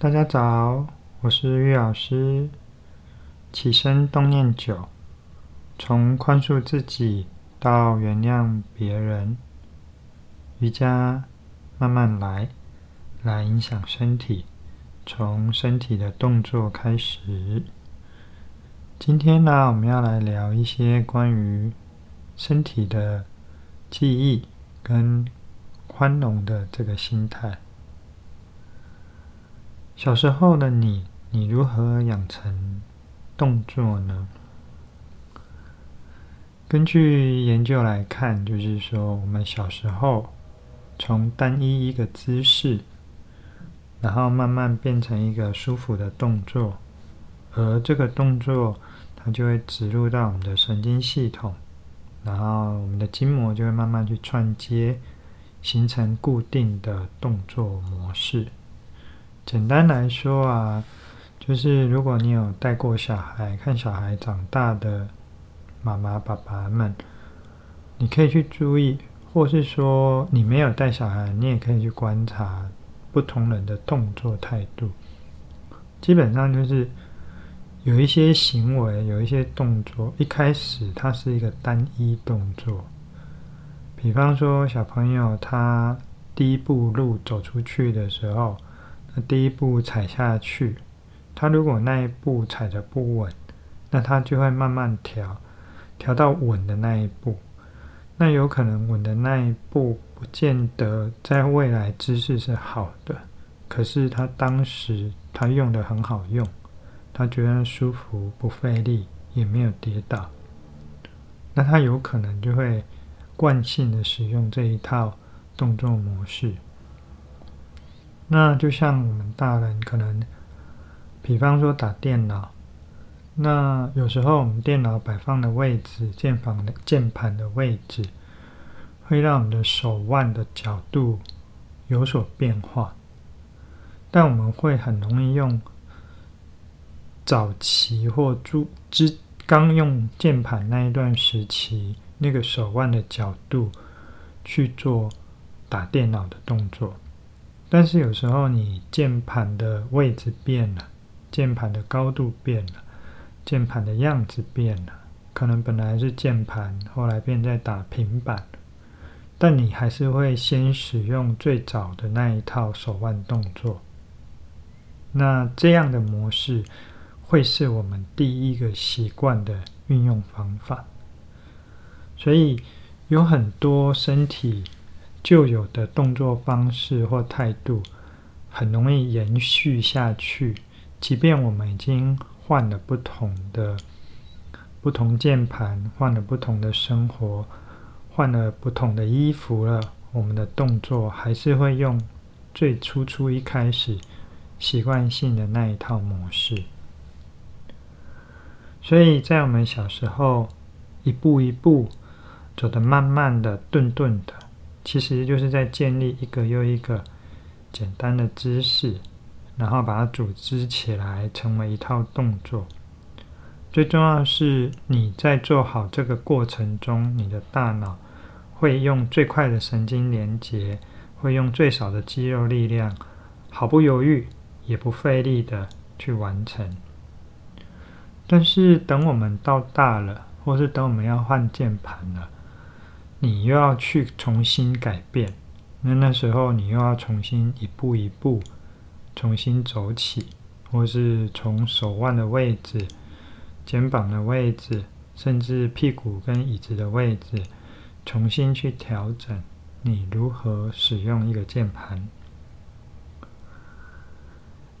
大家早，我是玉老師。起身動念九，從寬恕自己到原諒別人，瑜伽慢慢來，來影響身體，從身體的動作開始。今天呢，我們要來聊一些關於身體的記憶跟寬容的這個心態。小時候的你，你如何養成動作呢？根據研究來看，就是說我們小時候從單一一個姿勢，然後慢慢變成一個舒服的動作，而這個動作它就會植入到我們的神經系統，然後我們的筋膜就會慢慢去串接，形成固定的動作模式。簡單來說啊，就是如果你有帶過小孩，看小孩長大的媽媽、爸爸們，你可以去注意，或是說你沒有帶小孩，你也可以去觀察不同人的動作、態度。基本上就是有一些行為、有一些動作，一開始它是一個單一動作。比方說小朋友他第一步路走出去的時候，第一步踩下去，他如果那一步踩得不穩，那他就會慢慢調，調到穩的那一步。那有可能穩的那一步不見得在未來姿勢是好的，可是他當時他用的很好用，他覺得舒服，不費力，也沒有跌倒，那他有可能就會慣性的使用這一套動作模式。那就像我們大人可能，比方說打電腦，那有時候我們電腦擺放的位置、鍵盤的鍵盤的位置，會讓我們的手腕的角度有所變化，但我們會很容易用早期或注之剛用鍵盤那一段時期，那個手腕的角度去做打電腦的動作。但是有時候你鍵盤的位置變了，鍵盤的高度變了，鍵盤的樣子變了，可能本來是鍵盤，後來變在打平板，但你還是會先使用最早的那一套手腕動作。那這樣的模式會是我們第一個習慣的運用方法，所以有很多身體。舊有的動作方式或態度很容易延續下去，即便我們已經換了不同的不同鍵盤，換了不同的生活，換了不同的衣服了，我們的動作還是會用最初初一開始習慣性的那一套模式。所以在我們小時候，一步一步走得，慢慢的、頓頓的。其實就是在建立一個又一個簡單的姿勢，然後把它組織起來成為一套動作。最重要是，你在做好這個過程中，你的大腦會用最快的神經連接，會用最少的肌肉力量，毫不猶豫也不費力的去完成。但是等我們到大了，或是等我們要換鍵盤了，你又要去重新改變，那那時候你又要重新一步一步重新走起，或是從手腕的位置、肩膀的位置，甚至屁股跟椅子的位置，重新去調整你如何使用一個鍵盤。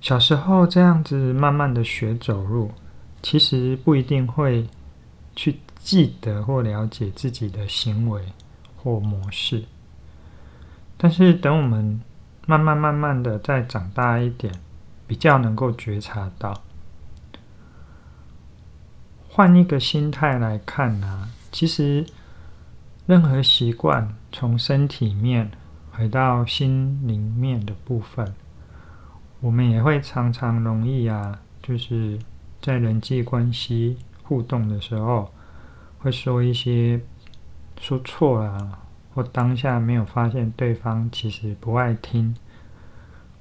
小時候這樣子慢慢的學走路，其實不一定會。去記得或了解自己的行為或模式，但是等我們慢慢慢慢的再長大一點，比較能夠覺察到，換一個心態來看啊，其實任何習慣從身體面回到心靈面的部分，我們也會常常容易啊，就是在人際關係。互動的時候，會說一些說錯了，或當下沒有發現對方其實不愛聽，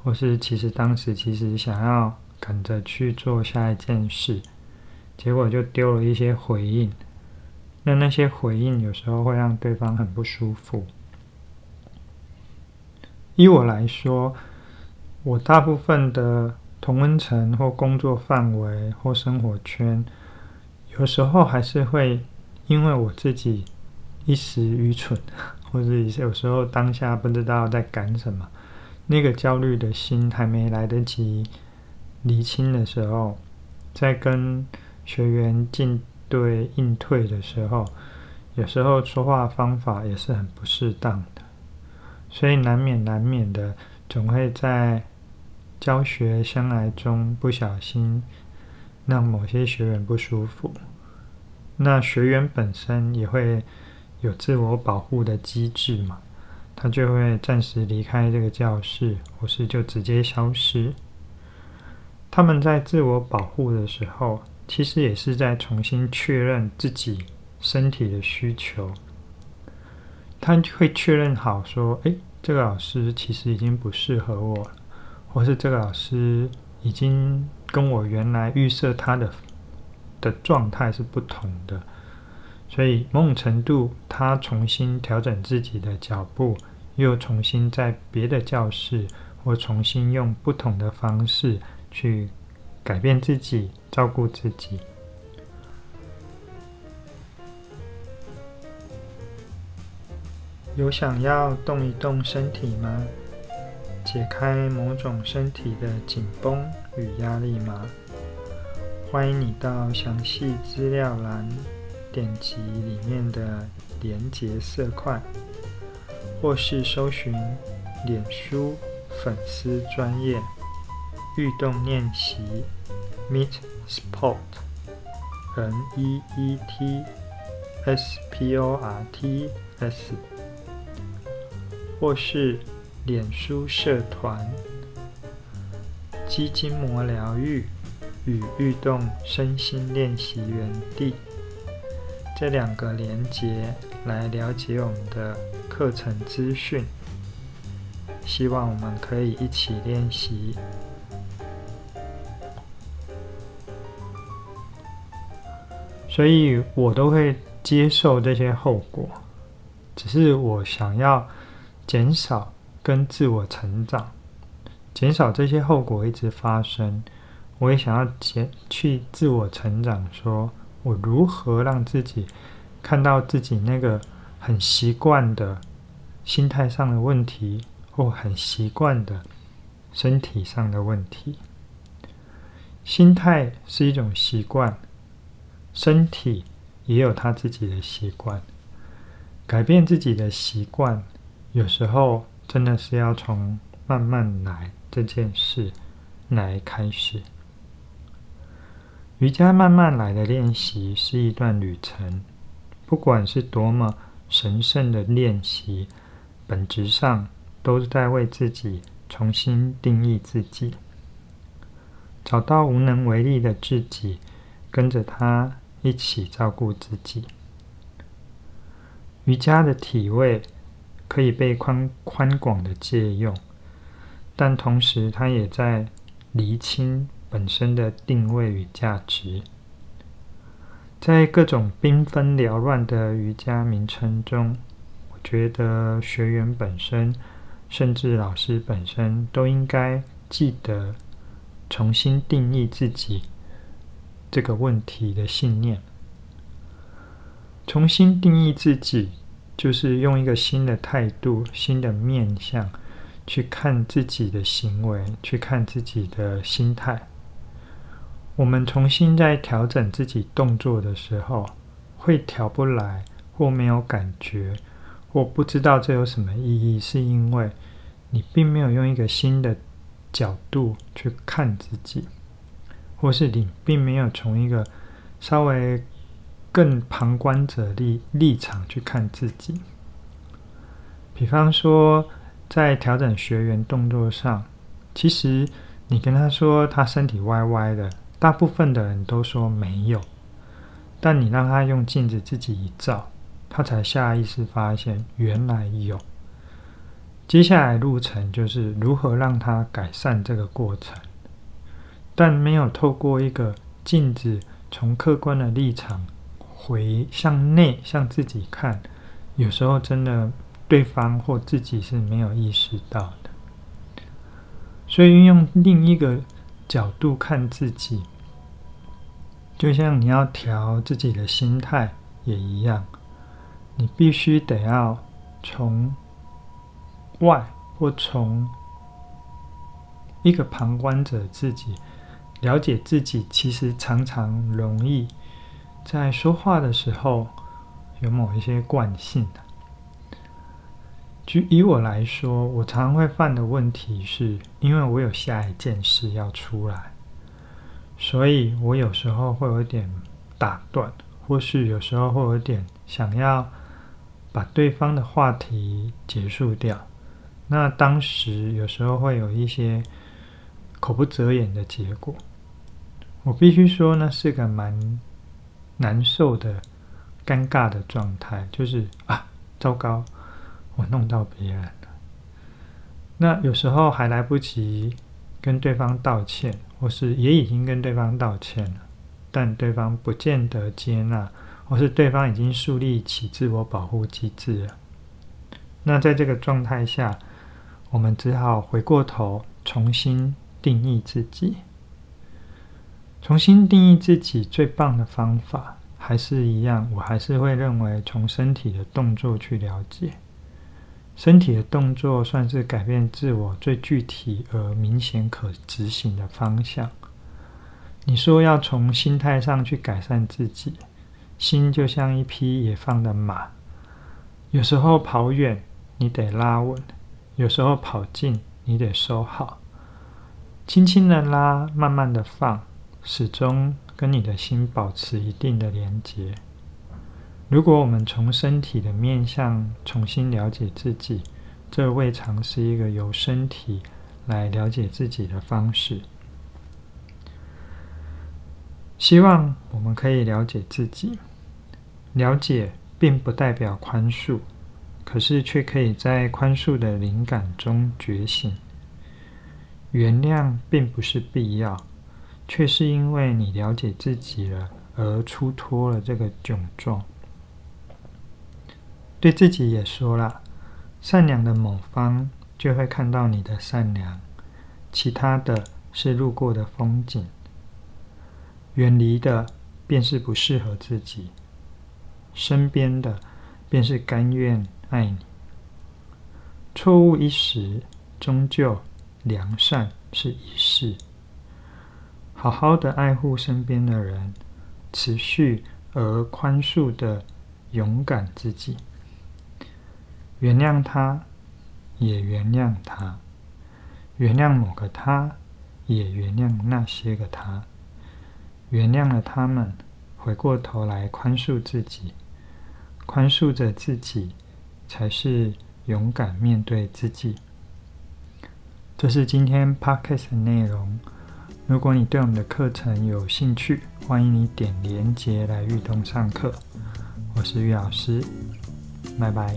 或是其實當時其實想要趕着去做下一件事，結果就丟了一些回應。那那些回應有時候會讓對方很不舒服。以我來說，我大部分的同溫層或工作範圍或生活圈。有時候還是會因為我自己一時愚蠢，或者有時候當下不知道在幹什麼，那個焦慮的心還沒來得及理清的時候，在跟學員進對應退的時候，有時候說話方法也是很不適當的，所以難免難免的總會在教學生涯中不小心讓某些學員不舒服，那學員本身也會有自我保護的機制嘛，他就會暫時離開這個教室，或是就直接消失。他們在自我保護的時候，其實也是在重新確認自己身體的需求。他會確認好說：“誒，這個老師其實已經不適合我了，或是這個老師。”已經跟我原來預設他的的狀態是不同的，所以某種程度，他重新調整自己的腳步，又重新在別的教室，或重新用不同的方式去改變自己，照顧自己。有想要動一動身體嗎？解開某種身體的緊繃與壓力嗎？歡迎你到詳細資料欄點擊裡面的連結色塊，或是搜尋臉書粉絲專業運動練習 Meet Sport，M E E T S P O R T S，或是。臉書社團、肌筋膜療癒與運動身心練習園地這兩個連結，來了解我們的課程資訊。希望我們可以一起練習。所以我都會接受這些後果，只是我想要減少。跟自我成長，減少這些後果一直發生，我也想要減去自我成長說，說我如何讓自己看到自己那個很習慣的心態上的問題，或很習慣的身體上的問題。心態是一種習慣，身體也有他自己的習慣，改變自己的習慣，有時候。真的是要從慢慢來這件事來開始。瑜伽慢慢來的練習是一段旅程，不管是多麼神聖的練習，本質上都是在為自己重新定義自己，找到無能為力的自己，跟着他一起照顧自己。瑜伽的體位。可以被寬寬廣的借用，但同時它也在釐清本身的定位與價值。在各種繽紛繚亂的瑜伽名稱中，我覺得學員本身，甚至老師本身，都應該記得重新定義自己這個問題的信念，重新定義自己。就是用一個新的態度、新的面向去看自己的行為，去看自己的心態。我們重新在調整自己動作的時候，會調不來或沒有感覺，或不知道這有什麼意義，是因為你並沒有用一個新的角度去看自己，或是你並沒有從一個稍微。更旁觀者立立場去看自己，比方說在調整學員動作上，其實你跟他說他身體歪歪的，大部分的人都說沒有，但你讓他用鏡子自己一照，他才下意識發現原來有。接下來路程就是如何讓他改善這個過程，但沒有透過一個鏡子，從客觀的立場。為向內向自己看，有時候真的對方或自己是沒有意識到的，所以運用另一個角度看自己，就像你要調自己的心態也一樣，你必須得要從外或從一個旁觀者自己了解自己，其實常常容易。在說話的時候，有某一些慣性的。就以我來說，我常常會犯的問題是，因為我有下一件事要出來，所以我有時候會有點打斷，或是有時候會有點想要把對方的話題結束掉。那當時有時候會有一些口不擇言的結果。我必須說呢，是個蠻。難受的、尷尬的狀態，就是啊，糟糕，我弄到別人了。那有時候還來不及跟對方道歉，或是也已經跟對方道歉了，但對方不見得接納，或是對方已經樹立起自我保護機制了。那在這個狀態下，我們只好回過頭重新定義自己。重新定義自己最棒的方法還是一樣，我還是會認為從身體的動作去了解。身體的動作算是改變自我最具體而明顯可執行的方向。你說要從心態上去改善自己，心就像一匹野放的馬，有時候跑遠你得拉穩，有時候跑近你得收好，輕輕的拉，慢慢的放。始終跟你的心保持一定的連結。如果我們從身體的面向重新了解自己，這未嘗是一個由身體來了解自己的方式。希望我們可以了解自己，了解並不代表寬恕，可是卻可以在寬恕的靈感中覺醒。原諒並不是必要。卻是因為你了解自己了，而出脫了這個窘狀。對自己也說了：善良的某方就會看到你的善良，其他的是路過的風景。遠離的便是不適合自己，身邊的便是甘願愛你。錯誤一時，終究良善是一世。好好的愛護身邊的人，持續而寬恕的勇敢自己，原諒他，也原諒他，原諒某個他，也原諒那些個他，原諒了他們，回過頭來寬恕自己，寬恕着自己，才是勇敢面對自己。這是今天 Podcast 的內容。如果你對我們的課程有興趣，歡迎你點鏈接來玉東上課。我是玉老師，拜拜。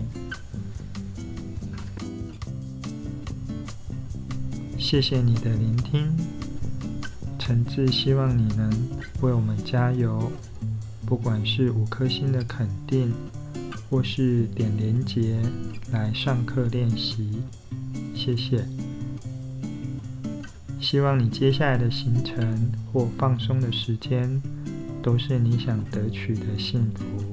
謝謝你的聆聽，誠摯希望你能為我們加油，不管是五顆星的肯定，或是點鏈接來上課練習，謝謝。希望你接下來的行程、或放鬆的時間，都是你想爭取的幸福。